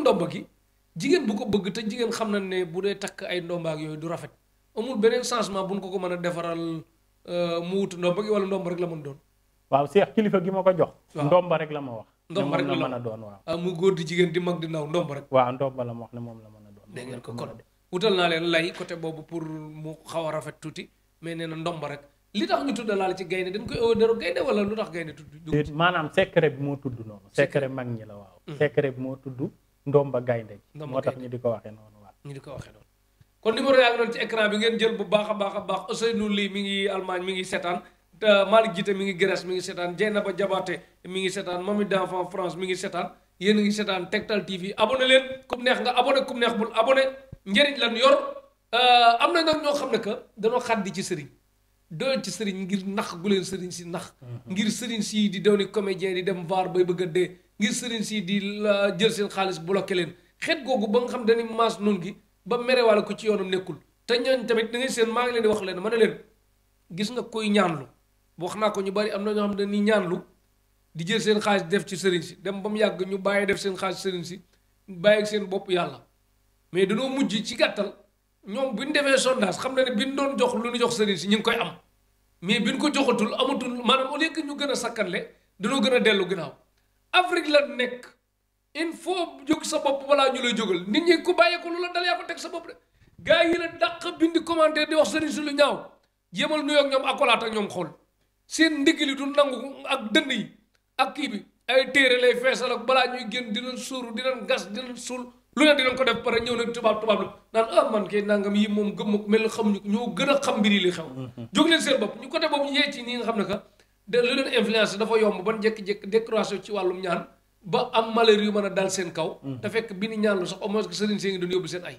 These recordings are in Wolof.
ndomba gi jigéen bu ko bëgg te jigéen xam na ne bu dee takk ay ndombaak yooyu du rafet amul beneen changement bu ñu ko ko man a defaral euh, mu wut ndomba gi wala ndomba rek la mën doon. waaw seex kilifa gi ma ko jox. ndomba rek la ma wax. ndomba rek la man a doon waaw. Ah, mu góor di jigéen di mag di naw ndomba rek. waaw ndomba la ma wax ne moom la man a doon. dégg ngeen ko kon wutal naa leen lay côté boobu pour mu xaw a rafet tuuti mais nee na ndomba rek li tax ñu tudd laal ci gaynde dañ koy ëw deru gaynde wala lu tax gaynde tudd. maanaam secret bi moo tu noonu. secret mag ndomba gaynde gi moo tax ñu ko waxee noonu waaw ko waxee noonu kon numéro yaa ngi doon ci écran bi ngeen jël bu baax a baax a baax Ousseynou Ly mi ngi Allemagne mi ngi seetaan Malick Jité mi ngi Grèce mi ngi seetaan Dieynaba Diabaté mi ngi seetaan Mamy d'Enfants France mi ngi seetaan yéen a ngi seetaan Tektal TV abonné leen kum neex nga abonné kum neex bul abonné njëriñ lan yor euh, am na nag ñoo xam ne que dañoo xaddi ci sëriñ doon ci sëriñ ngir nax gu leen sëriñ si nax mm-hmm. ngir sëriñ si di dooni comédien di dem vaar bay bëgg a dee ngir sëriñ si di jël seen xaalis bu bloqué leen xet googu ba nga xam dañuy maas noonu gi ba merewaale ko ci yoonam nekkul te ñooñ tamit dangay seen maa ngi leen di wax leen ma ne leen gis nga koy ñaanlu wax naa ñu bari am na ñoo xam ne dañuy ñaanlu di jël seen xaalis def ci sëriñ si dem ba mu yàgg ñu bàyyi def seen xaalis sëriñ si bàyyi seen bopp yàlla mais danoo mujj ci gàttal ñoom bu ñu defee sondage xam na ne bi ñu doon jox lu ñu jox sëriñ si ñu ngi koy am mais bi ñu ko joxatul amatul maanaam au lieu ñu gën a sakkanle dañoo gën a dellu ginnaaw Afrique la nekk il faut jóg sa bopp balaa ñu lay jógal nit ñi ku bàyyee ko lu la dal yaa ko teg sa bopp de gars yi la dàq bind commentaire di wax sëriñ si lu ñaaw jéemal nuyoo ak ñoom akolaat ak ñoom xool seen ndigg li du nangu ak dënd yi ak kii bi ay téere lay feesal ak balaa ñuy génn dinañ suuru dinañ gas dinañ suul lu ne dinañ ko def pare ñëw nañ tubaab tubaab la naan ah man kay nangam yi moom gëmm mel xamuñu ñoo gën a xam mbiri li xew mm-hmm. jóg leen seen bopp ñu côté boobu ñu ci ñi nga xam ne de lu leen influence dafa yomb ban jékki-jékki décoration ci wàllum ñaan ba am malheur yu mën a dal seen kaw. Mm. te fekk bi ni ñaan lu sax au moins que sëriñ see ngi doon yóbbu seen ay.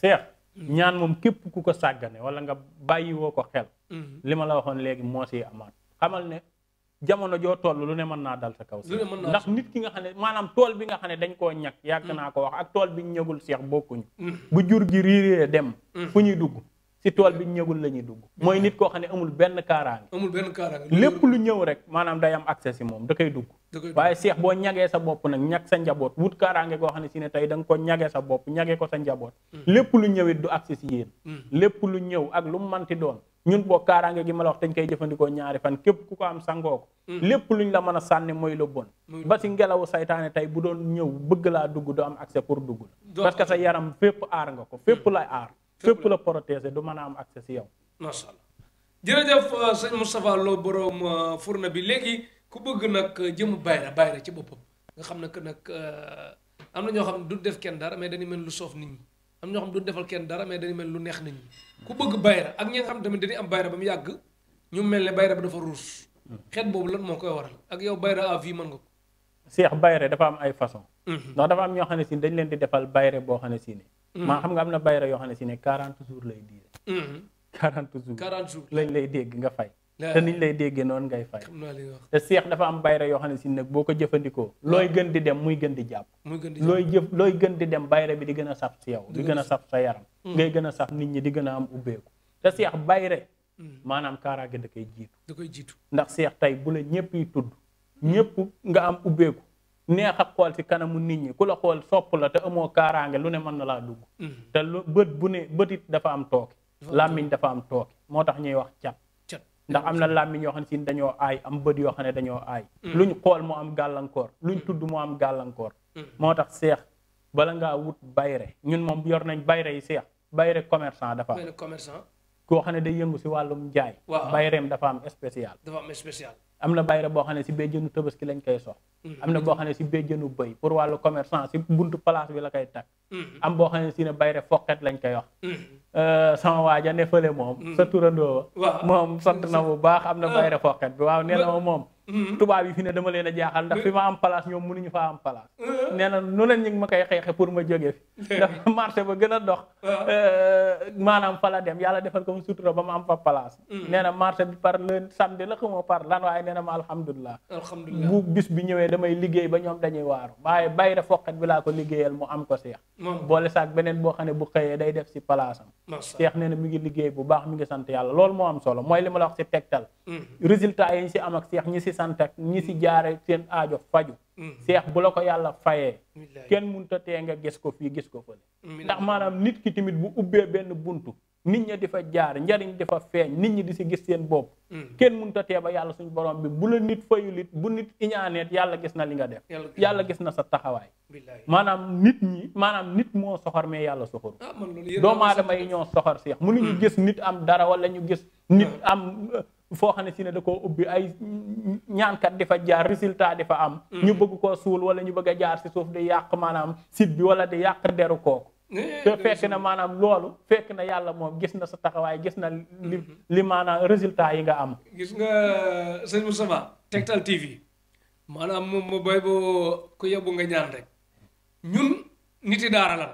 seex ñaan moom képp ku ko sàggane wala nga bàyyiwoo ko xel. Mm-hmm. li ma la waxoon léegi moo siy amaat xamal ne jamono joo toll lu ne mën naa dal sa kaw. si mën naa ndax nit ki nga xam ne maanaam tool bi nga xam ne dañ koo ñàkk. yàgg mm. naa ko wax ak tool bi ñu ñëgul seex bokkuñu. Mm. bu jur gi riiree dem. fu ñuy dugg. ci tool bi ñëwul la ñuy dugg. mooy nit koo xam ne amul benn kaaraange. amul benn kaaraange lépp lu ñëw rek maanaam day am accès si moom da koy dugg. waaye seex boo ñagee sa bopp nag ñag sa njaboot wut kaaraange goo xam ne si ne tey danga nga ko ñagee sa bopp ñagee ko sa njaboot. Mm. lépp lu ñëwit du accès si yéen. Mm. lépp lu ñëw ak lu manti doon. ñun boo kaaraange gi ma la wax dañ koy jëfandikoo ñaari fan képp ku ko am sangoo ko. Mm. lépp lu luñ la mën a sànni mooy la bon. ba si ngelawu saytaane tey bu doon ñëw bëgg laa dugg du am pour dugg. parce que sa yaram fépp aar nga ko fépp lay aar fépp la protéger du man a am accès si yow. macha allah jërëjëf euh, sëñ Moustapha Lo borom euh, fourne bi léegi ku bëgg nag euh, jëm bayra bayra ci boppam nga xam ne que nag am na ñoo xam du def kenn dara mais dañu mel lu soof nit am ñoo du defal kenn dara mais dañu mel lu neex nit ñi ku bëgg bayra ak ñi nga xam tamit dañuy am bayra ba mu yàgg ñu mel ne bayra ba dafa ruus. Hmm. xeet boobu lan moo koy waral ak yow bayra à vie mën nga ko. seex bayre dafa am ay façon hmm. ndax dafa am ñoo xam ne si dañ leen di defal bayre boo xam ne si ne maa xam nga am na bayra yoo xam ne si ne 40 jours lay diire. 40 mhm. jours 40 jours lañ lay dégg nga fay. te niñ lay déggee noon ngay fay. te seex dafa am bayre yoo xam ne si nag boo ko jëfandikoo. looy gën di dem muy gën di jàpp. muy gën di looy jëf looy gën di dem bayre bi di gën a saf si yow. di gën a saf sa yaram. Mm. ngay gën a saf nit ñi di gën a am ubbeeku. te seex bayra mm. maanaam kaaraange da koy jiitu. da koy jiitu ndax seex tey bu la ñëpp yi tudd. ñëpp nga am ubbeeku. neex a xool ci kanamu nit ñi ku la xool sopp la te amoo kaaraange lu ne mën na laa dugg. Mm-hmm. te lu bët bu ne bëtit dafa am tooke. làmmiñ dafa am tooke moo tax ñuy wax cat. ndax am na làmmiñ yoo xam ne si dañoo aay am bët yoo xam ne dañoo aay. Mm-hmm. luñ xool mu am gàllankoor luñ mm-hmm. tudd mu am gàllankoor. moo tax seex bala ngaa wut bayre ñun moom yor nañ bayre yi seex bayre commerçant dafa am. koo xam ne day yëngu si wàllum jaay. bayreem dafa am spécial. dafa am spécial. am na bayra boo xam ne si béjjënu tabaski lañ koy sox mm-hmm. am na boo xam ne si béjjënu bëy pour wàllu commerçant si buntu place bi la koy takk mm-hmm. am boo xam ne si ne bayre foqet lañ koy wax mm-hmm. euh, sama waaja ne fële moom sa turandoo moom sant na bu baax am na bayre ah. foqet bi waaw nee moom Mm-hmm. tubaab yi fi ne dama leen a jaaxal ndax fi ma am place ñoom mënuñu faa am place mm-hmm. nee nu leen ñu ngi ma koy xeexe pour ma jóge fi ndax marché ba gën a dox uh-huh. euh, maanaam fa la dem yàlla defal ko mu sutura ba ma am fa place mm-hmm. nee na marché bi par le samedi la xuma par lan waaye nee na ma alhamdulilah bu bis bi ñëwee damay liggéey ba ñoom dañuy waaru waaye bàyyi da foqet bi laa ko liggéeyal mu am ko seex boole saak beneen boo xam ne bu xëyee day def si place am seex nee na mi ngi liggéey bu baax mi ngi sant yàlla loolu moo am solo mooy li ma la wax si tegtal sant ak ñi si jaar seen aajo faju mm-hmm. seex bu la ko yàlla fayee kenn munta tee nga gis ko fii gis ko fële ndax maanaam nit ki tamit bu ubbee benn buntu nit ñi di fa jaar njariñ di fa feeñ nit ñi di si gis seen bopp mm-hmm. kenn munta tee ba yàlla suñu borom bi bu la nit fayulit bu nit iñaaneet yàlla gis na li nga def yàlla gis na sa taxawaay maanaam nit ñi maanaam nit moo soxor mais yàlla soxoru ah, doomu aadama yi ñoo soxor seex mënuñu mm-hmm. gis nit am dara wala ñu foo xam ne si ne da koo ubbi ay ñaankat dafa jaar résultat dafa am. Mm-hmm. ñu bëgg koo suul wala ñu bëgg a jaar si suuf di yàq maanaam site bi wala di yàq deru kooku. Eh, te fekk na maanaam loolu fekk na yàlla moom gis na sa taxawaay gis na li mm-hmm. li maanaam résultat yi nga am. gis nga euh, sëñ Moustapha Tektal TV maanaam moom mu bay boo ku yebbu nga ñaan rek ñun niti daara la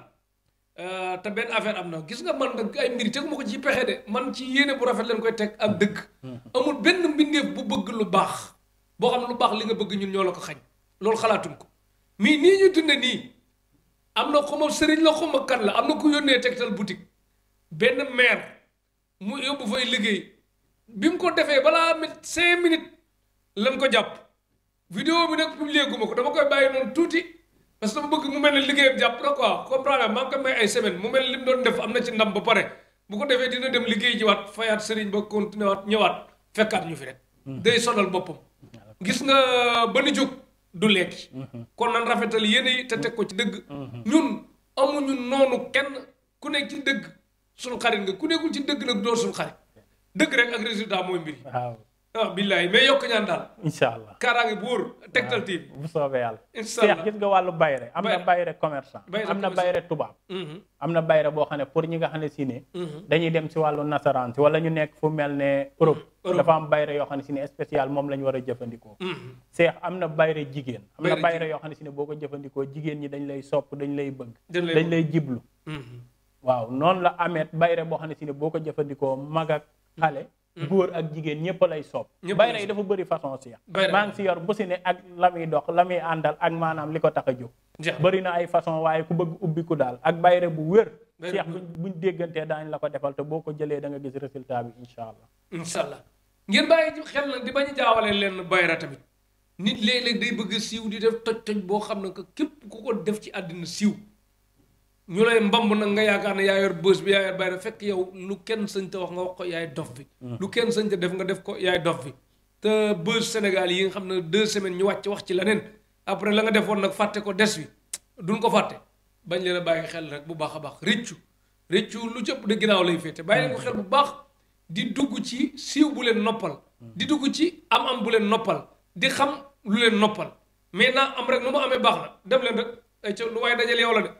Euh, te benn affaire am na gis nga man nag ay mbir teguma ko ci pexe de man ci yéene bu rafet leen koy teg ak dëgg. Hmm. amul benn mbindeef bu bëgg lu baax boo xam lu baax li nga bëgg ñun ñoo la ko xañ loolu xalaatuñ ko mais nii ñu dund nii am na xuma sëriñ la xuma kan la am na ku yónnee tegtal boutique benn maire mu yóbbu fay liggéey bi mu ko defee balaa mit cinq minutes lañ ko jàpp vidéo bi nag publié guma ko dama koy bàyyi noonu tuuti. parce que dama mu mel ne liggéeyam jàpp na quoi comprendre maa ngi ko may ay semaine mu mel ne doon def am na ci ndam ba pare bu ko defee dina dem liggéey jiwaat fayaat sëriñ ba continué waat ñëwaat fekkaat ñu fi rek. day solal boppam. gis nga ba ni du lekki. kon nan rafetal yéene yi te teg ko ci dëgg. ñun amuñu noonu kenn ku nekk ci dëgg. suñu xarit nga ku nekkul ci dëgg nag door suñu xarit dëgg rek ak résultat mooy mbir yi. ah billaay mais yokk ñaan daal. incha allah buur tegtal TV. Ah, bu soobee yàlla. incha allah gis nga wàllu bayre am na bayre commerçant. am na bayre tubaab. Mm-hmm. am na bayre boo xam ne pour ñi nga xam ne si ne. Mm-hmm. dañuy dem si wàllu nasaraan si wala ñu nekk fu mel ne mm-hmm. Europe. dafa am bayre yoo xam ne si ne spécial moom la ñu war a jëfandikoo. seex am na bayre jigéen. am na bayre yoo xam ne si ne boo ko jëfandikoo jigéen ñi dañ lay sopp dañ lay bëgg. dañ lay jiblu. waaw noonu la ameet bayre boo xam ne si ne boo ko jëfandikoo mag ak xale Mm-hmm. góor ak jigéen ñëpp lay soob. bayra yi dafa bëri façon si yàq. maa ngi si yor bu si ne ak la muy dox la muy àndal ak maanaam li ko tax a jóg. bëri na ay façon waaye ku bëgg ubbi ku daal ak bayra bu wér. seex buñ déggantee daañu la ko defal te boo ko jëlee da nga gis résultat bi incha allah. incha allah ngeen bàyyi xel nag di bañ a jaawale leen bayra tamit nit léeg-léeg day bëgg siiw di def toj-toj boo xam ne que képp ku ko def ci àddina siiw. ñu lay mbamb nag nga yaakaar ne yaa yor bës bi yaa yor bàyyi fekk yow lu kenn sëñ te wax nga wax ko yaay dof bi. Mm-hmm. lu kenn sëñ te def nga def ko yaay dof bi. te bës Sénégal yi nga xam ne deux semaines ñu wàcc wax ci leneen après la nga defoon nag fàtte ko des bi duñ ko fàtte bañ leen a bàyyi xel rek bu baax a baax rëccu rëccu lu jëpp di ginnaaw lay féete bàyyi leen ko xel bu baax di dugg ci siiw bu leen noppal. Mm-hmm. di dugg ci am-am bu leen noppal di xam lu leen noppal mais naa am rek mu amee baax na dem leen rek ay waaye dajale yow la de.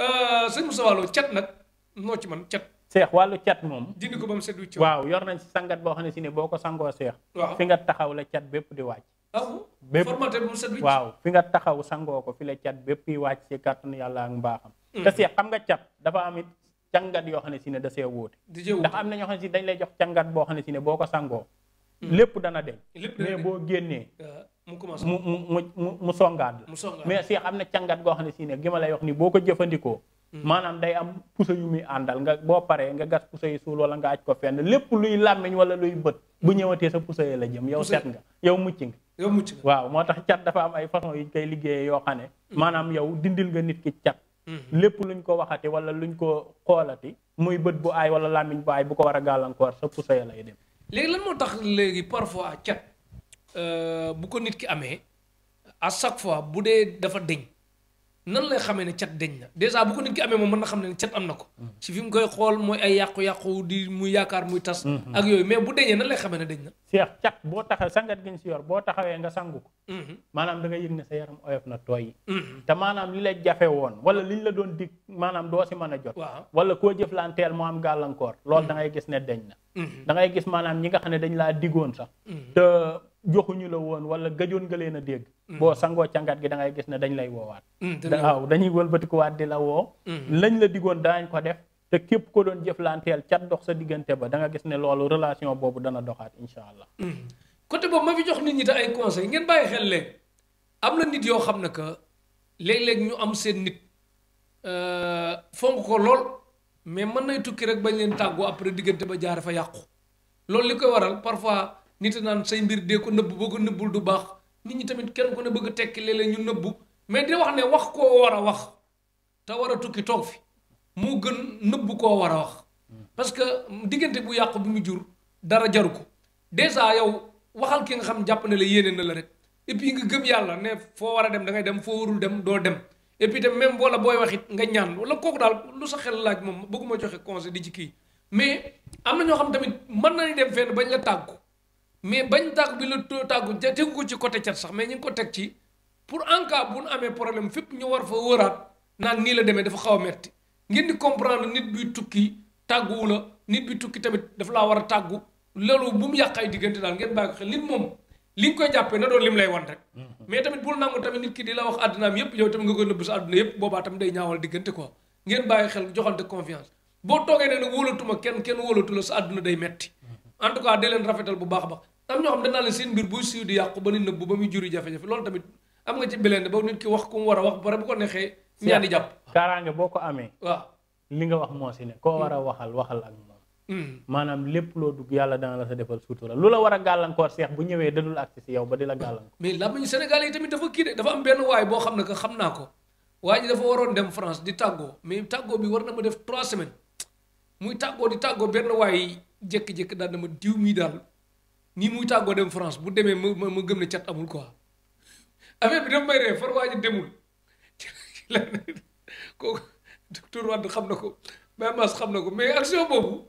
Euh, sëñ Moussa Wallo cat nag noo ci man cat. seex wàllu cat moom. dindi ko ba mu ci waaw yor nañ si sangat boo xam ne si ne boo ko sangoo seex. fi nga taxaw la cat bépp di wàcc. ah formaté bu waaw fi nga taxaw sangoo ko fi la cat bépp yi wàcc si kàttanu yàlla ak mbaaxam. Mm. te seex xam nga cat dafa am it cangat yoo xam ne si ne da see wóote. ndax am na ñoo xam ne si dañ lay jox cangat boo xam ne si ne boo ko sangoo. Mm. lépp dana dem. mais boo génnee. Ah. mu mu mu mu songaat la mais si xam ne càngat goo xam ne si ne gi ma lay wax ni boo ko jëfandikoo hmm. maanaam day am puso yu muy àndal nga boo paree nga gas puso yi suul wala nga aj ko fenn lépp luy làmmiñ wala luy bët bu ñëwatee sa puso yi la jëm yow set nga yow mucc nga yow mucc nga waaw moo tax cat dafa am ay façon yi koy liggéeyee yoo xam ne hmm. maanaam yow dindil nga nit ki cat hmm. lépp luñ ko waxati wala luñ ko xoolati muy bët bu aay wala làmmiñ bu bu ko war a gàllankoor sa puso lay dem Euh, bu ko nit ki amee a chaque fois bu dee dafa deñ nan lay xamee ne cat deñ na dèjà bu ko nit ki amee moom mën na xam ne cat am na ko. ci mm-hmm. fi mu koy xool mooy ay yàqu-yàqu di muy yaakaar muy tas. Mm-hmm. ak yooyu mais bu deñee nan lay xamee ne deñ na. Cheikh cat boo taxawee sangat gi ñu si yor boo taxawee nga sangu ko. Mm-hmm. maanaam da nga yëg ne sa yaram oyof na tooy. te maanaam li lay jafe woon wala liñ la doon dig maanaam doo si man a jot. wala koo jëflanteel moo am gàllankoor. loolu da ngay gis ne deñ na. da gis maanaam ñi nga xam ne dañ laa digoon sax. joxuñu la woon wala gajoon nga leen a dégg. Mm. boo sangoo càngat gi dangay ngay gis ne dañ lay woowaat. Mm, waaw dañuy wëlbatikuwaat di la woo. Mm. lañ la diggoon daañ ko def. te képp ko doon jëflanteel cat dox sa diggante ba da gis ne loolu relation boobu dana doxaat incha allah. côté boobu ma fi jox nit ñi te ay conseil ngeen bàyyi xel léeg am na nit yoo xam na ka léeg-léeg ñu am seen nit euh, fonk ko lool mais mën nay tukki rek bañ leen tàggoo après diggante ba jaar fa yàqu loolu li nit naan say mbir dee ko nëbb boo ko nëbbul du baax nit ñi tamit kenn ku ne bëgg tekki léeg-léeg ñu nëbbu mais di wax ne wax koo war a wax te war a tukki toog fi moo gën nëbbu koo war a wax parce que diggante bu yàqu bi mu jur dara jaru ko dèjà yow waxal ki nga xam jàpp ne la yéene na la rek et puis nga gëm yàlla ne foo war a dem dangay dem foo warul dem doo dem et puis tam même wala booy waxit nga ñaan wala kooku daal lu sa xel laaj moom bëgguma joxe conseil di ci kii mais am na ñoo xam tamit mën nañu dem fenn bañ la tàggu mais bañ tàgg bi la tàggu tegu ko ci côté cat sax mais ñu ngi ko teg ci pour en cas bu nu amee problème fépp ñu war fa wëraat naan nii la demee dafa xaw a metti ngeen di comprendre nit buy tukki tàgguwu la nit bi tukki tamit dafa laa war a tàggu loolu bu mu yàq ay diggante daal ngeen bàyyi ko xel nit moom li nga koy jàppee na doon lim lay wan rek. Mm-hmm. mais tamit bul nangu tamit nit ki di la wax àddinaam yépp yow tamit nga koy nëbb sa àdduna yépp boobaa day ñaawal diggante quoi ngeen bàyyi xel joxante confiance boo toogee ne nag wóolatuma kenn kenn wóolatu sa àdduna day metti en tout cas dee leen rafetal bu baax a baax ñoo xam danaa leen seen mbir buy siiw di yàqu ba nit nëbbu ba muy juri jafe-jafe loolu tamit am nga ci bilende ba nit ki wax ku mu war a wax bare boo ko amee waaw nga wax moo si ne koo war a waxal waxal ak moom hmm. maanaam lépp loo dugg yàlla dana la sa defal suutura lu la war a gàllankoor seex bu ñëwee dadul agsi si yow ba di la gàllankoor mais la mañu sénégalais yi tamit dafa kii de dafa am benn waay boo xam ne que xam naa ko waa ji dafa waroon dem France di tàggoo mais tàggoo bi war na ma def trois semaines muy tàggoo di tàggoo benn waay jékki-jékki daal dama diw mii daal nii muy tàggoo dem France bu demee ma ma gëm ne cat amul quoi affaire bi dafa may ree waa demul kooku docteur xam na ko Mamas xam na ko mais action boobu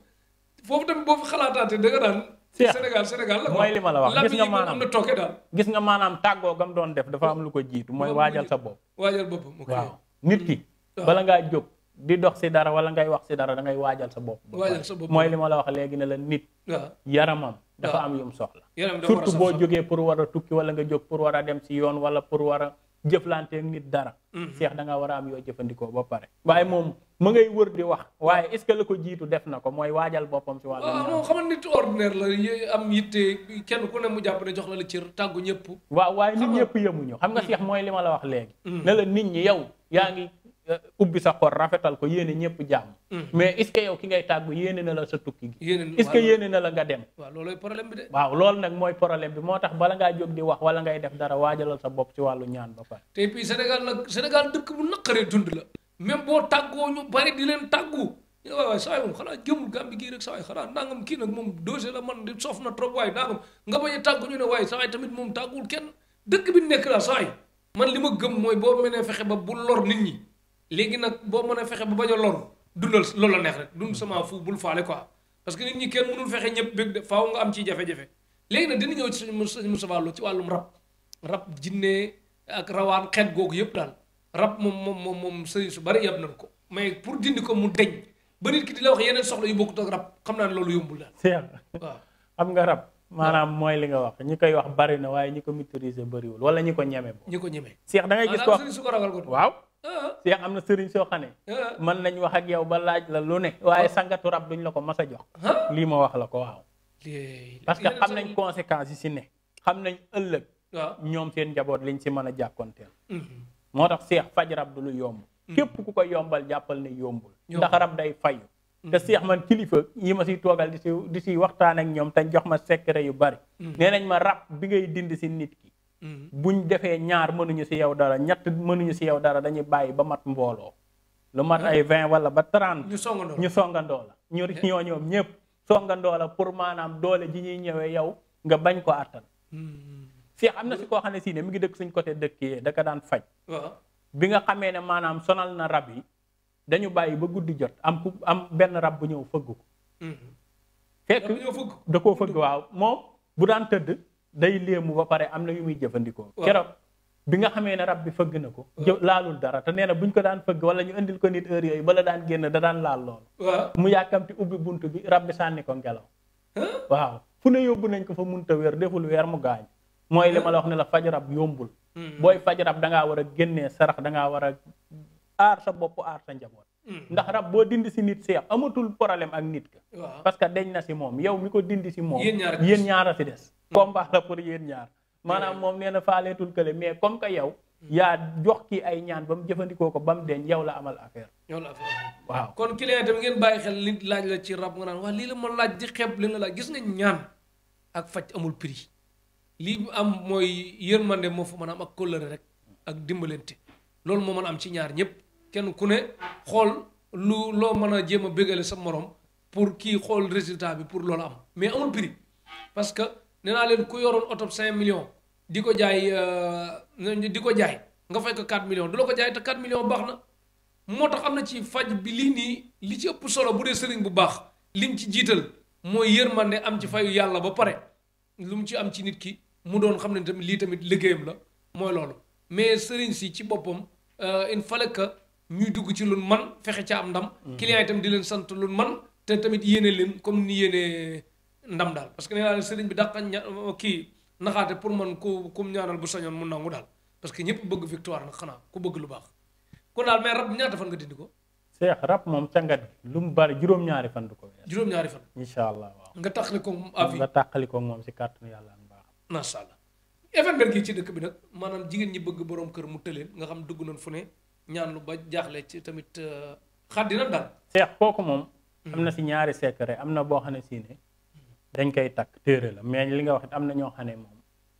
foofu tamit boo fi xalaataatee da nga naan. Sénégal Sénégal la mooy li ma la wax gis nga maanaam am na tooke daal. gis nga maanaam tàggoo gam doon def dafa am lu ko jiitu mooy waajal sa bopp. waajal boppam waaw nit ki. waa ngaa jóg. di dox si dara wala ngay wax si dara dangay waajal sa bopp. waajal sa bopp mooy li ma la wax léegi ne la nit. yaramam dafa am yum soxla. surtout boo jógee pour war a tukki wala nga jóg pour war a dem si yoon wala pour war a jëflanteeg nit dara. Mhm. seex da nga war a am yoo jëfandikoo ba pare. waaye moom mu ngay wër di wax waaye est ce que la ko jiitu def na ko mooy waajal boppam si wàllu. waaw non nga nit ordinaire la am yitte kenn ku ne mu jàpp ne jox la la cër tàggu ñëpp. waaw waaye nit ñëpp xam nga mhm. seex mooy li ma la wax léegi. Mhm. ne la nit ñi yow yaa ngi Euh, ubbi sa xol rafetal ko yéene ñëpp jàmm. Mm-hmm. mais est-ce que yow ki ngay tàggu yéene na la sa tukki gi. yéene est-ce que yéene na la nga dem. waaw loolooy problème bi de. waaw loolu nag mooy problème bi moo tax bala ngaa jóg di wax wala ngay dara waajalal sa bopp ci wàllu ñaan ba pare. te puis Sénégal nag Sénégal dëkk bu naqaree dund la. même boo tàggoo ñu bari di leen tàggu. ñu ne waay waay saa yi moom xanaa jëmul Gàmbi gii rek saa yi nangam kii nag moom dossier la man di soof na trop waaye nangam nga bañ a tàggu ñu ne waaye saa yi tamit moom tàggul kenn dëkk bi nekk la saa man li ma gëm mooy boo mënee fexe ba bu lor nit ñi léegi nag boo mën a fexe ba bañ a loru dundal loolu neex rek dund sama fu bul faale ko parce que nit kenn mënul fexe ñëpp bég de faaw nga am ciy jafe-jafe léegi nag dina ñëw ci sëñ Moustapha Lo ci wàllum rab rab jinne ak rawaan xeet googu yëpp daal rab moom moom moom moom sëriñ su bari yab nañ ko may pour dindi ko mu deñ ba nit ki di la wax yeneen soxla yu bokkut ak rab xam naa ne loolu yombul daal waaw xam nga rab maanaam mooy li nga wax ñi koy wax bari na waaye ñi ko maîtriser bariwul wala ñi ko ñeme ñi ko ñeme seex da ngay gis ko su ko ragal ko waaw Euh. seex am na sëriñ soo xam ne euh. mën nañ wax ak yow ba laaj la lu ne waaye euh. sangatu rab duñ la ko mas a jox lii ma wax la ko waaw parce que xam nañ conséquences yi si ne xam nañ ëllëg ñoom seen njaboot liñ si mën a jàkkoonteel mm-hmm. moo tax seex faj rab du lu yomb mm-hmm. képp ku ko yombal jàppal ne yombul ndax rab day fayu te mm-hmm. seex man kilifa yi ma siy toogal di si di siy waxtaan ak ñoom te jox ma secret yu bari nee nañ ma rab bi ngay dind si nit ki Mm-hmm. buñ defee ñaar mënuñu si yow dara ñett mënuñu si yow dara dañuy bàyyi ba mat mbooloo lu mat ay vingt wala ba trente ñu songandoo la ñu ñoo ñoom ñëpp songandoo la pour maanaam doole ji ñuy ñëwee yow nga bañ ko àttan mm-hmm. si am na si koo xam ne si ne mi ngi dëkk suñ côté dëkk yee da ka daan faj bi nga xamee ne maanaam sonal na rab yi dañu bàyyi ba guddi jot am ku am benn rab bu ñëw fëgg ko mm-hmm. fekk da koo fëgg waaw moom bu daan tëdd day léemu ba pare am na yu muy jëfandikoo keroog bi nga xamee ne rab bi fëgg na ko laalul dara te nee na bu ñu ko daan fëgg wala ñu indil ko nit heure yooyu bala daan génn da daan laal loolu mu yàkkamti ubbi bunt bi rab bi sànni ko ngelaw waaw fu ne yóbbu nañ ko fa munta weer deful weer mu gaañ mooy li la wax ne la faj rab yombul mm-hmm. booy faj rab dangaa war a génnee sarax dangaa war a aar sa bopp aar sa njaboot Mm. ndax rab boo dindi si nit seex amatul problème ak nit ka parce que deñ na si moom yow mi ko dindi si moom yéen ñaar a si des mm. combat la pour yéen ñaar eh. maanaam moom nee na faaleetul kële mais comme que yow mm. yaa jox kii ay ñaan ba mu jëfandikoo ko ba mu deñ yow la amal affaire yow la affaire waaw kon client tam ngeen bàyyi xel nit laaj la ci rab nga naan wax lii la ma laaj di xeeb li nga laaj gis nga ñaan ak faj amul prix lii am mooy yërmande moo fa mën a am ak rek ak dimbalante loolu moo mën a ci ñaar ñëpp kenn ku ne xool lu loo mën a jéem a bégale sa morom pour kii xool résultat bi pour loolu am mais amul prix parce que nee naa leen ku yoroon oto 5 millions di ko jaay euh, di ko jaay nga fay ko 4 millions du loo ko jaay te 4 millions baax na moo tax am na ci faj bi lii nii li ci ëpp solo bu dee sëriñ bu baax liñ ci jiital mooy yërmande am ci fayu yàlla ba pare lu mu ci am ci nit ki mu doon xam ne tamit lii tamit liggéeyam la mooy loolu mais sëriñ si ci boppam euh, il fallait que ñuy dugg ci lu man fexe ca am ndam. Mm-hmm. client itam di leen sant lu man te tamit yéene leen comme ni yéene ndam daal parce que nee naa leen sëriñ bi dàqa ña kii naxaate pour man ku ku ñaanal bu sañoon mun nangu daal parce que ñëpp bëgg victoire nag xanaa ku bëgg lu baax kon daal mais rab ñaata fan nga dindi ko. seex rab moom cangat lu mu bari juróom-ñaari fan du ko weer. juróom-ñaari fan. incha allah waaw nga taxali ko moom avis nga taxali ko moom si kàttanu yàlla am baax. macha allah. effet gi ci dëkk bi nag maanaam jigéen ñi bëgg borom kër mu tëleen nga xam dugg nañ fu ne ñaan lu ba jaaxle ci tamit euh, xat dina dal. seex kooku moom. am na mm-hmm. si ñaari secret am na boo xam ne si ne dañ koy takk téere la mais li nga wax am na ñoo xam ne moom.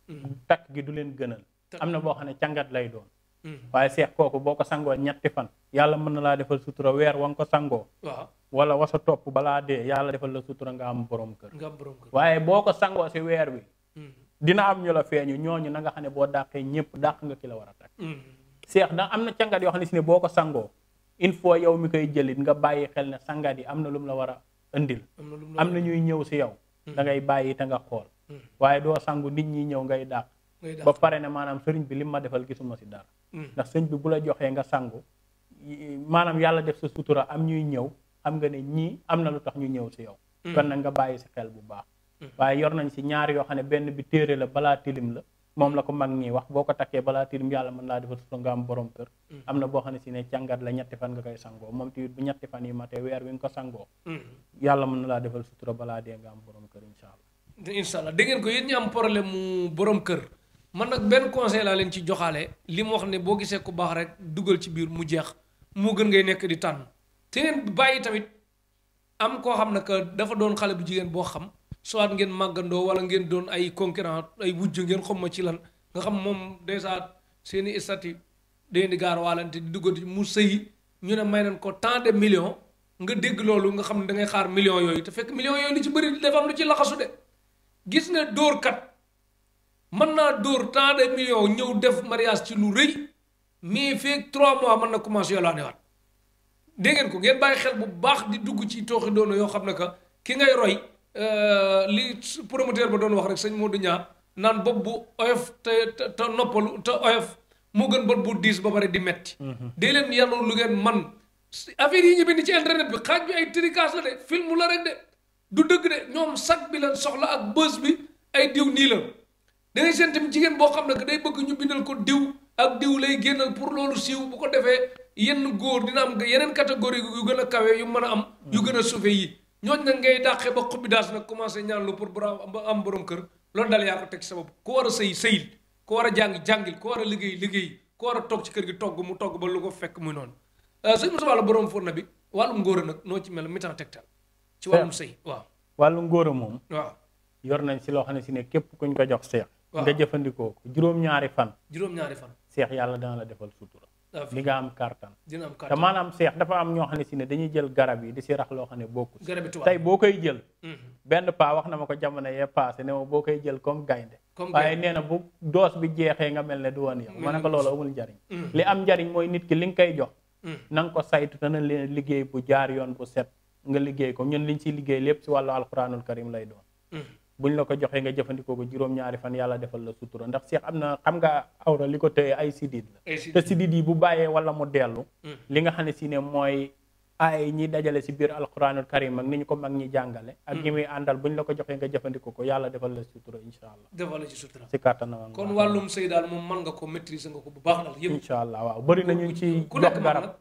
Mm-hmm. takk gi du leen gënal. am na boo xam ne càngat lay doon. Mm-hmm. waaye seex kooku boo ko sangoo ñetti fan. yàlla mën na laa defal sutura weer wa nga ko sangoo. waaw wala wasa topp balaa dee yàlla defal la sutura nga am borom kër. nga borom kër waaye boo ko sangoo si weer wi. dina am ñu la feeñu ñooñu na nga xam ne boo dàqee ñëpp dàq nga ki la war a seex ndax am na càngat yoo xam ne ne boo ko sangoo il faut yow mi koy jëlit nga bàyyi xel ne sangat yi am na lu mu la war a indil am na ñuy ñëw si yow hmm. da ngay bàyyi te nga xool hmm. waaye doo sangu nit ñi ñëw ngay dàq ba pare ne maanaam sëriñ bi li ma defal gisuma si dara hmm. ndax sëriñ bi bu la joxee nga sangu maanaam yàlla def sa sutura am ñuy ñëw am nga ne ñii am na lu tax ñu ñëw si yow kon nag nga bàyyi si xel bu baax waaye yor nañ si ñaar yoo xam ne benn bi téere la balaa tilim la moom la ko mag ñi wax boo ko takkee balaa tilim yàlla mën naa defal sutura nga am borom kër mm-hmm. am na boo xam ne si ne càngat la ñetti fan nga koy sangoo moom tamit bu ñetti fan yi matee weer wi nga ko sangoo mm-hmm. yàlla mën na laa defal sutura balaa dee am borom kër incha allah incha allah dégg ko ñi am problème mu borom kër man nag benn conseil laa leen ci joxaale li mu wax ne boo gisee ku baax rek dugal ci biir mu jeex moo gën ngay nekk di tànn te ngeen bàyyi tamit am koo xam nag dafa doon xale bu jigéen boo xam soit ngeen màggandoo wala ngeen doon ay concurrent ay wujj ngeen xam ma ci lan nga xam moom dèjà seen i statut day di gaar waalante di duggati mu sëyi ñu ne may nañ ko tant de million nga dégg loolu nga xam ne da ngay xaar million yooyu te fekk millions yooyu li ci bëri dafa lu ci laxasu de gis nga dóor kat mën naa dóor tant de million ñëw def mariage ci lu rëy mais feeg trois mois mën na commencé yoolaa newaat dégg ngeen ko ngeen bàyyi xel bu baax di dugg ci tooxi doona yoo xam ne que ki ngay roy Euh, li promoteur ba doon wax rek sëñ du Niang naan bopp bu oyof te te noppalu te oyof mu gën bopp bu diis ba pare di metti mhm. dee leen yàlla lu ngeen man affaire yi ñu bind ci internet bi xaaj bi ay tricas la de film la rek de du dëgg ñoom sac bi soxla ak bës bi ay diw nii la da ngay seen tamit boo xam ne que day bëgg ñu bindal ko diw ak diw lay génnal pour loolu siiw bu ko defee yenn góor dina am yeneen catégorie yu gën a kawe yu mën a am yu mhm. gën a suufe yi ñooñ nag ngay dàqee ba xubbi daas nag commencé ñaan lu pour ba am borom kër loolu daal yaa ko teg sabab ku war a sëy sëyil ku war a jàng jàngil ku war a liggéey liggéey ku war a toog ci kër gi togg mu togg ba lu ko fekk muy noonu euh, sëñ Moussa Wala borom fourna bi wàllum ngóora nag noo ci mel mi teg tegtal ci wàllum sëy waaw wàllum ngóora moom waaw yor nañ si loo xam ne si ne képp kuñ ko jox seex nga jëfandikoo ko juróom-ñaari fan juróom-ñaari fan seex yàlla dana la defal sutura di nga am kartan te maanaam seex dafa am ñoo xam ne si ne dañuy jël garab yi di si rax loo xam ne bokkul tey boo koy jël mhm. benn paa wax na ma ko jamono yee passé ne ma boo koy jël comme gaynde waaye nee na bu doos bi jeexee nga mel ne di woon yow ma ne ko mhm. loolu amul njariñ mhm. li am njariñ mooy nit ki li nga koy jox nanga ko saytu te na leen liggéey bu jaar yoon bu set nga liggéey ko ñun liñ si liggéey lépp si wàllu alquranul karim lay doon bu ñu la ko joxee nga jëfandikoo ko juróom-ñaari fan yàlla defal la sutura ndax seex am na xam nga awra li ko tëye ay sidid la te sidid yi bu bàyyee wala mu dellu mm. li nga xam ne si ne mooy ay ñi dajale si biir alquranul karim ak ni ñu ko mag ñi jàngale ak ñi mm. muy àndal buñ la ko joxee nga jëfandikoo ko yàlla defal la sutura insha allah defal la ci sutura si kàttanam kon wàllum sëy daal moom mën nga ko maîtriser nga ko bu baax nag yëpp insha allah waaw bëri nañu ci jox garab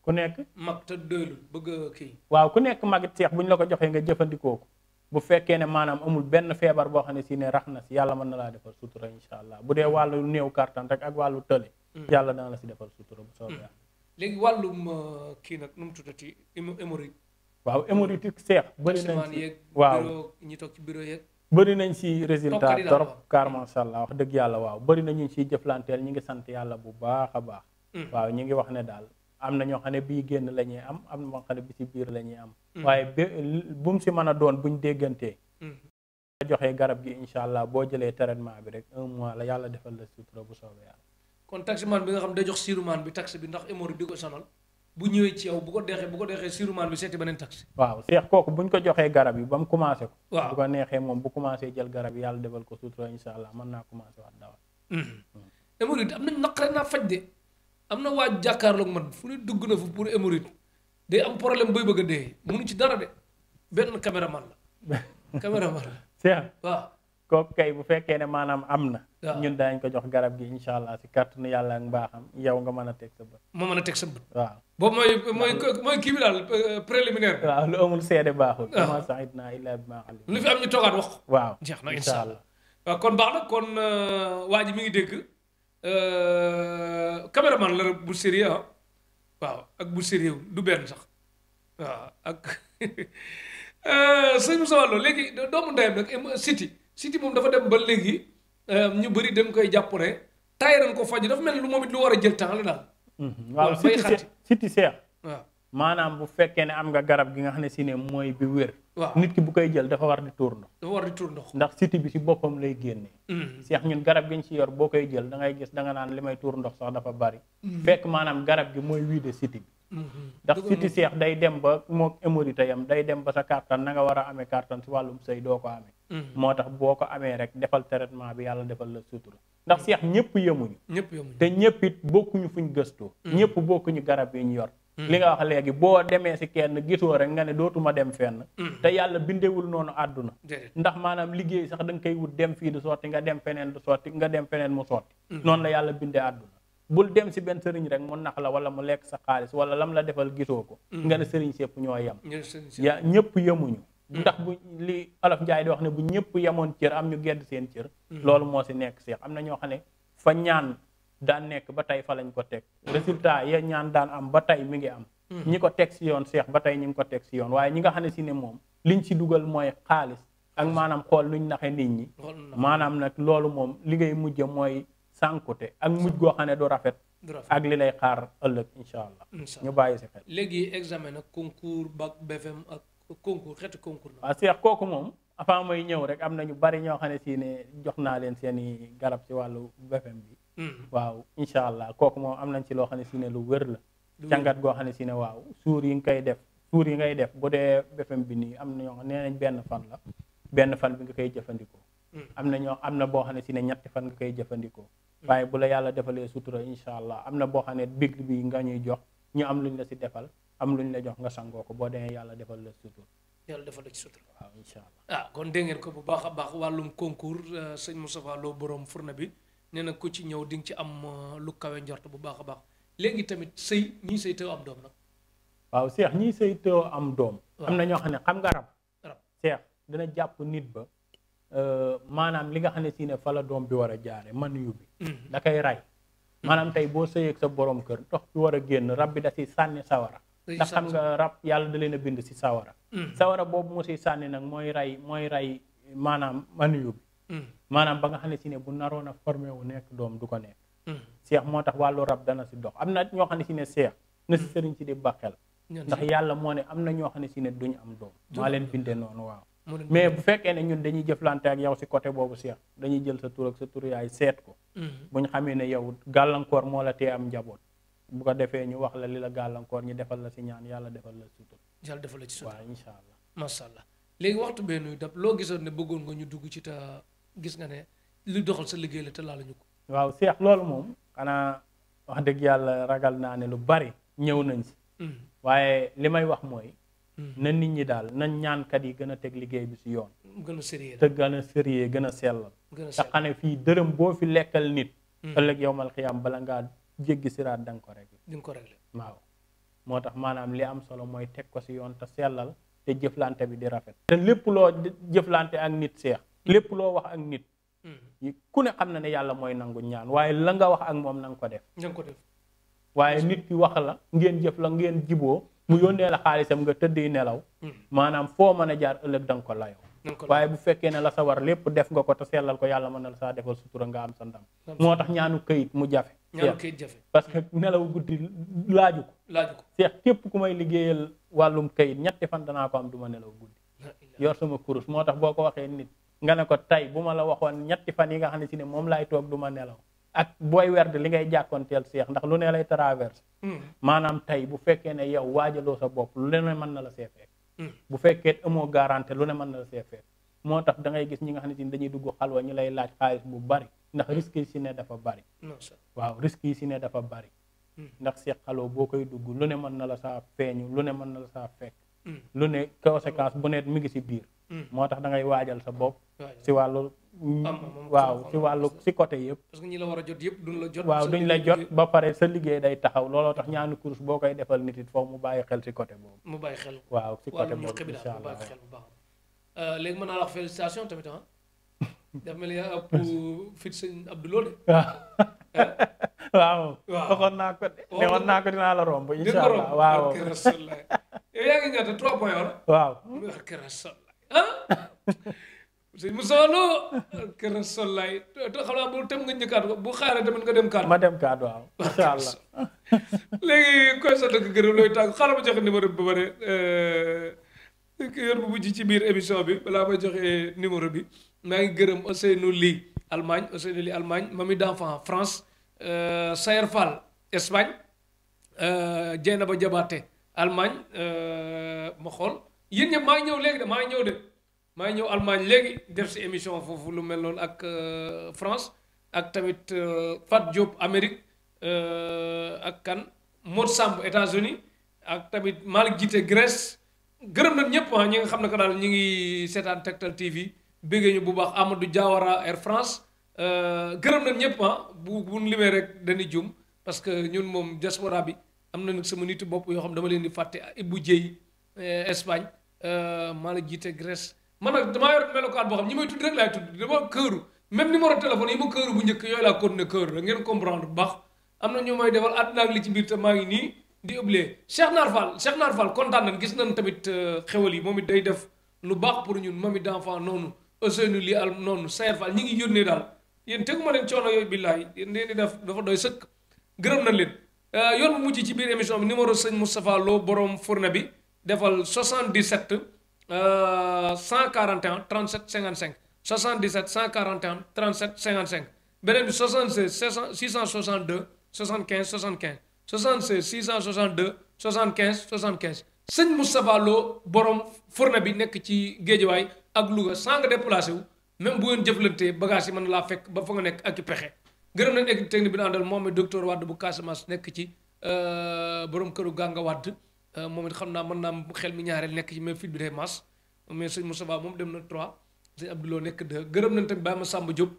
ku nekk mag te doylu bëgg kii waaw ku nekk mag seex buñ la ko joxee nga jëfandikoo ko bu fekkee ne maanaam amul benn feebar boo xam ne si ne rax na si yàlla mën na laa defal sutura incha allah bu dee wàllu new kartan rek ak wàllu tële. Mm. yàlla dana la si defal sutura bu soobee yàlla. Mm. léegi uh, kii nag nu mu tuddati hémorroïde. waaw hémorroïde seex. bëri nañ si waaw ñi toog ci bureau yeeg. bëri nañ si résultat trop car allah wax dëgg yàlla waaw bari nañu ñu siy jëflanteel ñu ngi sant yàlla bu baax a baax. Mm. waaw ñu ngi wax ne daal am na ñoo xam ne bii génn la ñuy am am na moo xam ne bi ci biir la ñuy am mm. waaye bu mu si mën a doon buñ déggantee nga mm. joxee garab gi incha allah boo jëlee traitement bi rek un mois la yàlla defal la sutura bu soobee yàlla kon tax taximaan bi nga xam day jox sirumaan bi tax bi ndax hémorroïde bi ko sonal bu ñëwee ci yow bu ko deexee bu ko deexee sirumaan bi seeti beneen taxi waaw seex kooku buñ ko joxee garab yi ba mu commencé ko waaw bu ko neexee moom bu commencé jël garab yi yàlla defal ko sutura incha allah mën naa commencé waat dawal mm-hmm. mm. am na waaj jàkkaarloog man fu ne dugg na fu pour hémorroïde day am problème bay bëgg a dee mënu ci dara de benn caméraman la caméraman la. Cheikh waaw kooku kay bu fekkee ne maanaam am na. ñun daañ ko jox garab gi incha allah si kàttanu yàlla ak mbaaxam yow nga mën teg sa bët. ma mën a teg sa bët. waaw boobu mooy mooy mooy kii bi daal euh, préliminaire. waaw lu amul seede baaxul. waaw ma saxit naa illaa bi ma waaw jeex na incha allah kon baax na kon euh, waa ji ngi dégg. Euh, caméraman la bu sérieux ah waaw ak bu sérieux du benn sax waaw ak euh, sëñ Moussa Wallo léegi doomu ndeyam nag siti siti moom dafa dem ba léegi euh, ñu bëri dañ koy jàpp ne taayiran ko faj dafa mel lu moom it lu war a jël temps daal. Mhm. waaw siti seex bay xati waaw. maanaam bu fekkee ne am nga garab gi nga xam ne si ne mooy bi wér. waaw nit ki bu koy jël dafa war di tuur ndox. war di tuur ndox. ndax siti bi si boppam lay génne. Mm. seex ñun garab gi si yor boo koy jël da ngay gis da naan li may tuur ndox sax dafa bari. Mm. fekk maanaam garab gi mooy wiide siti bi. Mm-hmm. ndax siti day dem ba mook émorite yam day dem ba sa kàttan na war a amee kàttan si wàllum sëy doo mm-hmm. moo tax boo ko amee rek defal traitement bi yàlla defal la sutura ndax mm. ñëpp yemuñu. ñëpp yemuñu te ñëpp it bokkuñu ñu gëstoo. ñëpp bokkuñu garab yi ñu yor Mm-hmm. li nga wax léegi boo demee si kenn gisoo rek nga ne dootuma dem fenn mm-hmm. te yàlla bindewul noonu àdduna ndax maanaam liggéey sax da nga koy wut dem fii du sotti nga dem feneen du sotti nga dem feneen mu sotti mm-hmm. noonu la yàlla bindee àdduna bul dem si benn sëriñ rek mu nax la wala mu lekk sa xaalis wala lam la defal gisoo ko nga ne sëriñ sépp ñoo yem ya ñëpp yemuñu ndax bu li olof njaay di wax ne bu ñëpp yemoon cër am ñu gedd seen cër loolu moo si nekk seex am na ñoo xam fa ñaan daan nekk ba tey fa lañ ko teg résultat ya ñaan daan am ba tey mi ngi am hmm. ñi ko teg si yoon seex ba tey ñi ngi ko teg si yoon waaye ñi nga xam ne si ne moom liñ si dugal mooy xaalis ak maanaam xool ñu naxee nit ñi maanaam nag loolu moom li ngay mujj mooy sànkute ak mujj goo xam ne du rafet ak li lay xaar ëllëg incha allah ñu bàyyi si xel léegi examen ak concours bac BFM ak concours xeetu concours la waaw seex kooku moom avant may ñëw rek am na ñu bari ñoo xam ne jox naa leen seen i garab si wàllu BFM bi Mm-hmm. waaw incha allah kooku moom am nañ ci loo xam ne si ne lu wér la càngat goo xam ne si ne waaw suur yi nga koy def suur yi ngay def bu dee befem bi nii am na ñoo xam nee nañ benn fan la benn fan bi nga koy jëfandikoo mm-hmm. am na ñoo am na boo xam ne si ne ñetti fan nga koy jëfandikoo mm-hmm. waaye bu la yàlla defalee sutura incha allah am na boo xam ne big bi nga ñuy jox ñu am luñ la si defal am luñ la jox nga sangoo ko boo demee yàlla defal la sutura yàlla defal la ci sutura waaw incha allah ah, kon dégg ko bu baax a baax wàllum concours euh, sëñ Moustapha Lo borom bi nee na ku ci ñëw di nga ci am euh, lu kawe njort bu baax a baax léegi tamit sëy ñii sëy teew am doom nag. waaw seex ñii sëy teew am doom. am na ñoo xam ne xam nga rab. rab seex dina jàpp nit ba euh, maanaam li nga xam ne si ne fa la doom bi war a jaare man yu bi. Mm-hmm. da koy ray mm-hmm. maanaam tey boo sëyeeg sa boroom kër ndox bi war a génn rab bi da si sànni sawara. ndax xam nga rab yàlla da leen a bind si sawara. Mm-hmm. sawara boobu mu si sànni nag mooy ray mooy ray maanaam man yu bi. maanaam ba nga xam ne si ne bu naroon a formé wu nekk doom du ko nekk hmm. seex moo tax wàllu rab dana si dox am na ñoo xam ne si ne seex na si hmm. sëriñ si di bàqel ndax yàlla moo ne am na ñoo xam ne si ne duñ am doom maa leen bindee noonu waaw mais bu fekkee ne ñun dañuy jëflante ak yow si côté boobu seex dañuy jël sa tur ak sa tur yaay seet ko hmm. bu ñu xamee ne yow gàllankoor moo la te am njaboot bu ko defee ñu wax la li la gàllankoor ñu defal la si ñaan yàlla yàlla defal la ci sutur waaw incha allah macha allah léegi gis nga ne lu doxal sa liggéey la te laaluñu ko. waaw Cheikh loolu moom xanaa wax dëgg yàlla ragal naa ne lu bari ñëw nañ si. Mm. waaye li may wax mooy. Mm. na nit ñi daal nañ ñaankat yi gën a teg liggéey bi si yoon. gën a sérieux te gën a sérieux gën a sellal. gën a te xane fii dërëm boo fi lekkal nit. Mm. ëllëg yowmal xiyaam bala ngaa jéggi siraat da nga ko rek di ko waaw. moo tax maanaam li am solo mooy teg ko si yoon te sellal te jëflante bi di rafet. te lépp loo jëflante ak nit seex. lépp loo wax ak nit. Hmm. ku ne xam na ne yàlla mooy nangu ñaan waaye la nga wax ak moom na ko def. na ko def waaye nit ki wax la ngeen jëf la ngeen jiboo mu hmm. yónnee la xaalisam nga tëdd nelaw. Hmm. maanaam foo mën a jaar ëllëg da ko layoo. waaye bu fekkee ne la sa war lépp def nga ko te sellal ko yàlla mën na la saa defal sutura nga am sa ndam. moo tax ñaanu këyit mu jafe. ñaanu këyit jafe parce que nelaw guddi laaju ko. laaju ko seex képp ku may liggéeyal wàllum këyit ñetti fan danaa ko am du ma nelaw guddi. moo tax boo ko waxee nit nga ne ko tey bu ma la waxoon ñetti fan yi nga xam ne si ne moom laay toog du ma nelaw ak booy werd li ngay jàkkoonteel seex ndax lu ne lay traverse hmm. maanaam tey bu fekkee ne yow waajaloo sa bopp lu ne mën na la see fekk hmm. bu fekkee amoo garantie lu ne mën na la moo tax da ngay gis ñi nga xam ne si ne dañuy dugg xalwa ñu lay laaj bu bari ndax risque yi si ne dafa bari waaw risque yi si ne dafa bari hmm. ndax seex xalwa boo koy dugg lu ne mën na la saa feeñu lu ne mën na la lu ne conséquence bu ne mi ngi si biir Hmm. moo tax da ngay waajal sa bopp si wàllu mm, waaw si wàllu si côté yëpp ñi la war jot yëpp duñ la jot waaw duñ la jot ba pare sa liggéey day taxaw looloo tax ñaanu course boo koy defal nit it foofu mu bàyyi xel si côté boobu mu bàyyi xel waaw si côté boobu incha allah euh, léegi mën naa wax félicitation tamit ah daf mel ni ëpp fit sëñ Abdou Lo de waaw waxoon naa naa la romb incha allah waaw yow ah. waaw sëñ Moussa Lo kër Rasulaay te xam naa nga njëkkaat ko bu xaaree tamit nga dem kaat ma dem kaat waaw macha allah léegi koy sa dëkk gërëm looy tàgg xaaral ma joxe numéro bi ba pare eh, yor ci biir émission bi balaa may eh, numéro bi maa ngi gërëm Ousseynou Ly Allemagne Ousseynou Ly Allemagne Mami d'enfant France eh, Sayer Fall Espagne ba Diabaté Allemagne ma xool yéen ñëpp maa ñëw de maa ngi ñëw de maa ñëw Allemagne léegi def si émission foofu lu mel noonu ak euh, France ak tamit euh, Fat Diop Amérique euh, ak kan Modou Samb États-Unis ak tamit Malick Jité Grèce gërëm na ñëpp ah ñi nga xam ne ko daal ñu ngi seetaan Tektal TV bëggee ñu bu baax Amadou Diawara Air France gërëm na ñëpp ah bu bu nu limee rek dañuy jum parce que ñun moom diaspora bi am na nag sama nitu bopp yoo xam dama leen di fàtte Ibou Dieye Eh, Espagne eh, maa la jiite Grèce man a damaa yor melokaan boo xam ñi may tudd rek laay tudd dama këru même numéro téléphone bu njëkk yooyu laa continué këru ngeen comprendre bu baax am na ñu may defal àdduna ci biir te ngi nii di ëblee Cheikh Naar Fall Cheikh Naar kontaan nañ gis nañ tamit eh, xewal yi moom it day def lu baax pour ñun mami d'enfant noonu Ousseynou li al noonu Sayer Fall ñi ngi yónnee daal yéen teguma leen coono yooyu billaay yéen di def dafa doy sëkk gërëm nañ leen yoon bu mujj ci biir émission bi numéro sëñ Moustapha Lo borom fourne bi defal 77 141 37 55 77 141 37 55 beneen bi 76 662 75 75 76 662 75 75 sëñ Moustapha Lo borom fourne bi nekk ci Géejawaay ak Louga sans nga déplacé wu même bu ngeen jëflantee bagage yi mën laa fekk ba fa nga nekk ak pexe gërëm nañ équipe technique bi ñu àndal moom mi docteur Wade bu Casamance nekk ci euh, borom këru Gànga Wade Euh, moom it xam naa mën naa xel mi ñaareel nekk ci même fit bi day mas mais sëñ Moussa moom dem na 3 sëñ Abdoulaye nekk 2 gërëm nañ tamit Baye Massamba Diop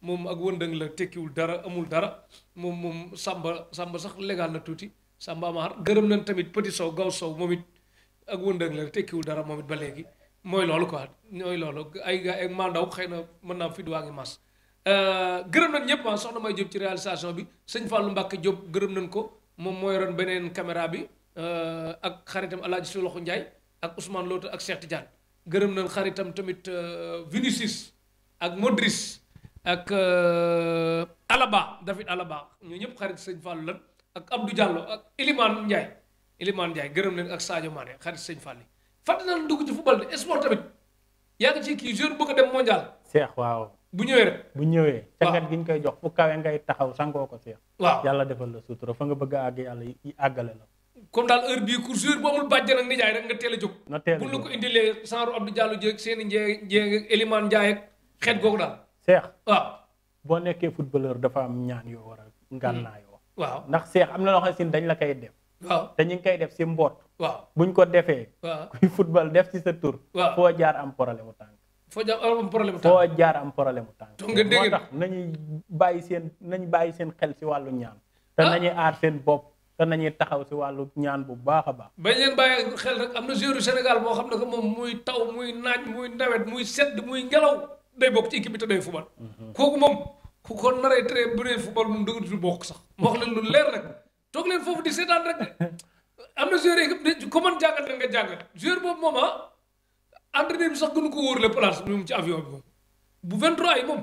moom ak wëndëng la tekkiwul dara amul dara moom moom Samba Samba sax légal na tuuti Samba Amar gërëm nañ tamit Petit Sow Gaw Sow moom it ak wëndëng la tekkiwul dara moom ba léegi mooy loolu quoi mooy loolu ay ga xëy na mën naa fi duwaa ngi mas euh, gërëm nañ ñëpp ah soxna May Diop ci réalisation bi sëñ Fallou Mbacke Diop gërëm nañ ko moom mooy yoroon beneen caméra bi Euh, ak xaritam El Hadj Soloxu Ndiaye ak Ousmane Lota ak Cheikh Tidiane gërëm nañ xaritam tamit euh, Vinicius ak Modric ak euh, Alaba David Alaba ñoo ñëpp xarit sëñ Fall lan ak Abdou Diallo ak Elimane Ndiaye Elimane Ndiaye gërëm leen ak Sadio Mané xarit sëñ Fall yi fàttali naa dugg ci football de sport tamit yaa ngi ci kii joueur bëgg a dem mondial. Cheikh waaw bu ñëwee bu ñëwee càngat gi ñu koy jox fu kawe ngay taxaw sangoo ko Cheikh. waaw yàlla defal la sutura fa nga bëgg a àgg yàlla àggale la. comme daal heure bii cour jour bu amul bàjjan ak nijaay rek nga teel jóg. na teel a jóg bu la ko indilee Sanro Abdou Diallo Dieng seen i njee njee Elimane Ndiaye ak xeet googu daal. Cheikh waaw. boo nekkee footballeur dafa am ñaan yoo war a. ngànnaa hmm. waaw ndax seex am na loo xam ne dañ la koy def. waaw te ñu koy def si mboot. waaw buñ ko defee. waaw kuy football def ci sa tur. waaw foo jaar am problème mu tànk. foo jaar am problème mu tànk foo jaar am problème mu tànk. nga dégg moo tax nañuy bàyyi seen nañu bàyyi seen xel si wàllu ñaan. Ah. te nañuy aar seen bopp te nañuy taxaw si wàllu ñaan bu baax a baax. bañ leen bàyyi xel rek am na joueur Sénégal boo xam ne que moom muy taw muy naaj muy nawet muy sedd muy ngelaw day bokk ci bi te day fubal. Mhm. kooku moom ku ko naree tere bëree fubal moom dëgg bokk sax. ma wax leen lu leer rek toog leen foofu di seetaan rek am na joueur ko mën jàngat nga jàngat boobu moom ah entraîneur bi sax gënu ko wóor la place bi moom ci avion bi bu 23 yi moom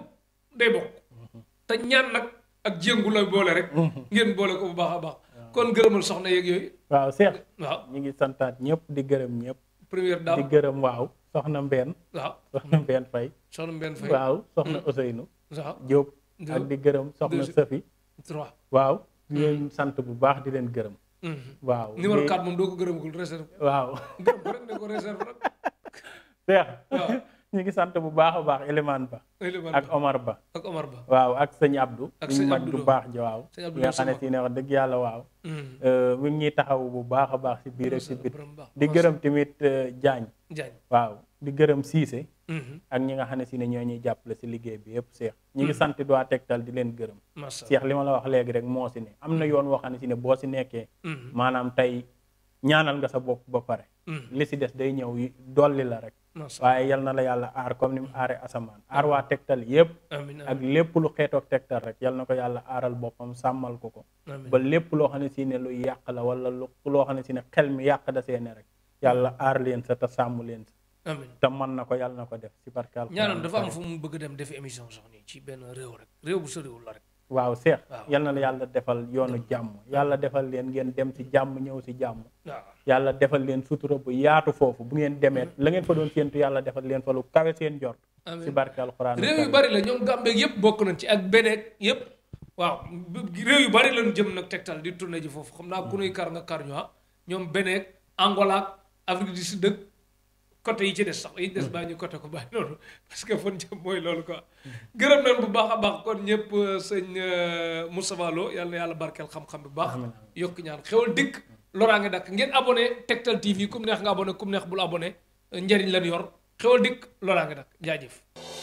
day bokk. Mhm. te ñaan nag ak jéngu la boole rek. Mhm. ngeen boole ko bu baax a baax. kon gërëmal soxna yeeg yooyu. waaw Cheikh. waaw ñu ngi santaat ñëpp di gërëm ñëpp. première dame di gërëm waaw. soxna Mbène. waaw soxna Mbène Faye. soxna Mbène waaw soxna hmm. Ousseynou. waaw ak di gërëm soxna Safi. waaw di hmm. leen sant bu baax di leen gërëm. Hmm. waaw numéro 4 moom doo ko gërëmagul ko rek rek. Cheikh. ñu ngi sant bu baax a baax Elimane Ba. ak Omar Ba. Omar Ba waaw ak sëñ Abdou. ak sëñ Abdou bu baax ja waaw. sëñ Abdou nga xam ne si ne wax dëgg yàlla waaw. Mm. Euh, mi ngi ñuy taxaw bu baax a baax si biir ak si biir. di gërëm tamit euh, Diagne. Diagne waaw di gërëm Cissé. Mm-hmm. ak ñi nga xam ne si ne ñoo ñuy jàppale si liggéey bi yëpp Cheikh. Mm-hmm. ñu ngi sant doa tegtal di leen gërëm. Cheikh li ma la wax léegi rek moo si ne am na mm-hmm. yoon wax xam ne si ne boo si nekkee. maanaam tey ñaanal nga sa bopp ba pare. li si des day ñëw dolli la rek waaye yal na la yàlla aar comme ni mu aaree asamaan aar waa tegtal yépp ak lépp lu xeetoog tegtal rek yal na ko yàlla aaral boppam sàmmal ko ko ba lépp loo xam ne si ne lu yàq la wala lu loo xam ne si ne xel mi yàq da seene rek yàlla aar leen sa te sàmm leen sa amiin te mën na ko yàlla na ko def si barkaal ñaanam dafa am fu mu bëgg dem def émission sax nii ci benn réew rek réew bu la rek waaw seex yal na la yàlla defal yoonu jàmm yàlla defal leen ngeen dem si jàmm ñëw si jàmm yàlla defal leen sutura bu yaatu foofu bu ngeen demee mm. la ngeen fa doon séentu yàlla defal leen fa lu kawe seen jort si barke alxuraan réew yu bari la ñoom Gambie yëpp bokk nañ ci ak Beneek yëpp waaw réew yu bari lañ jëm nag tegtal di tourné ji foofu xam naa ku nuy kar nga kar ñu ah. ñoom Beneek Angola Afrique du Sud côté yi ci des sax yi des baa ñu côté ko bàyyi noonu parce que fon jëm mooy loolu quoi gërëm nañ bu baax a baax kon ñëpp euh, sëñ euh, Moustapha Lo yàlla na yàlla barkeel xam-xam bu baax yokk ñaan xewal dikk loraa ngi dakk ngeen abonné Tektal TV kum neex nga abonné kum neex bul abonné njëriñ lan yor xewal dikk loraa nga dakk jaajëf